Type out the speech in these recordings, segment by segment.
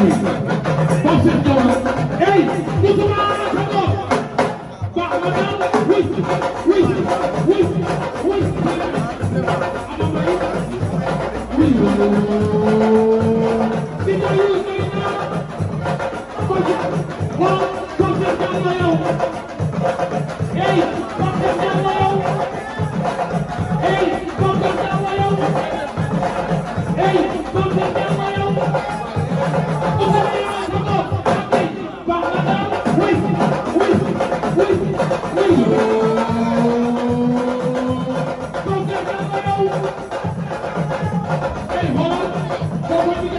One, two, three, four, five.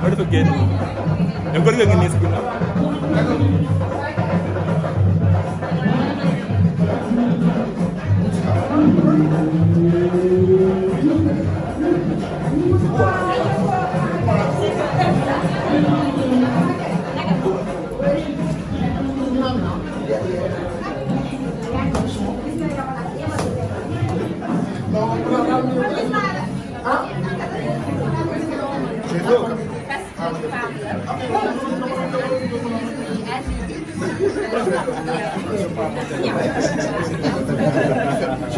loolu dafa génn te góor nga ngi nii si ginnaaw Thank you. Je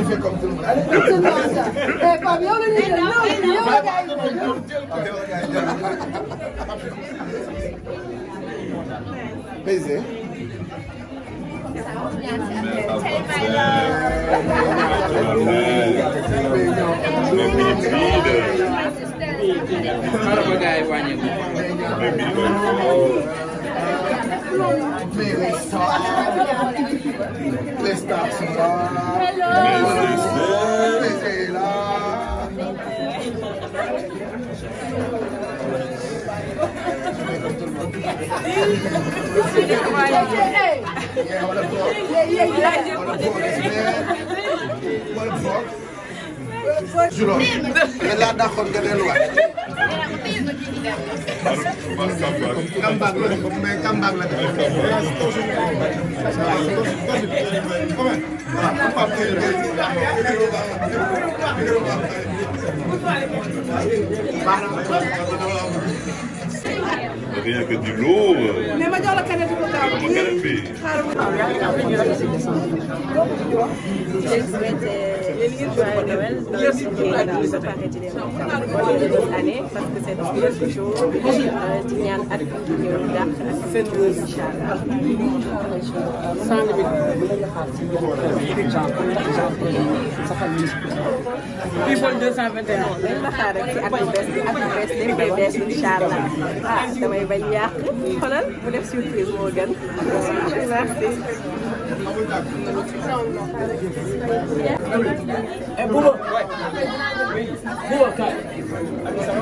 fais comme tout le monde. Allez, Baiser. xaaral ba gars yi wàññeeku. Yeah, what a boy. Yeah, yeah, yeah. What a boy, man. juróom mais laa dàqoon nga delluwaat. kambaag la def mais kambaag la def rien que du lourd. mais ma jox la keneen bu ko gaaw a. ma keneen fii. joyeux Noël et ñu ngi préparé ci les bonnes années parce que c'est dans quelques jours di ñaan at bi ñëw dàq ak seen wóor incha allah. sànq bi bu la xaar ci la xaar rek ci at bu bees bi at bu bees dañ koy bees incha allah ah damay bañ yàq xoolal mu def surprise moo gën merci. eh Bouba Bouba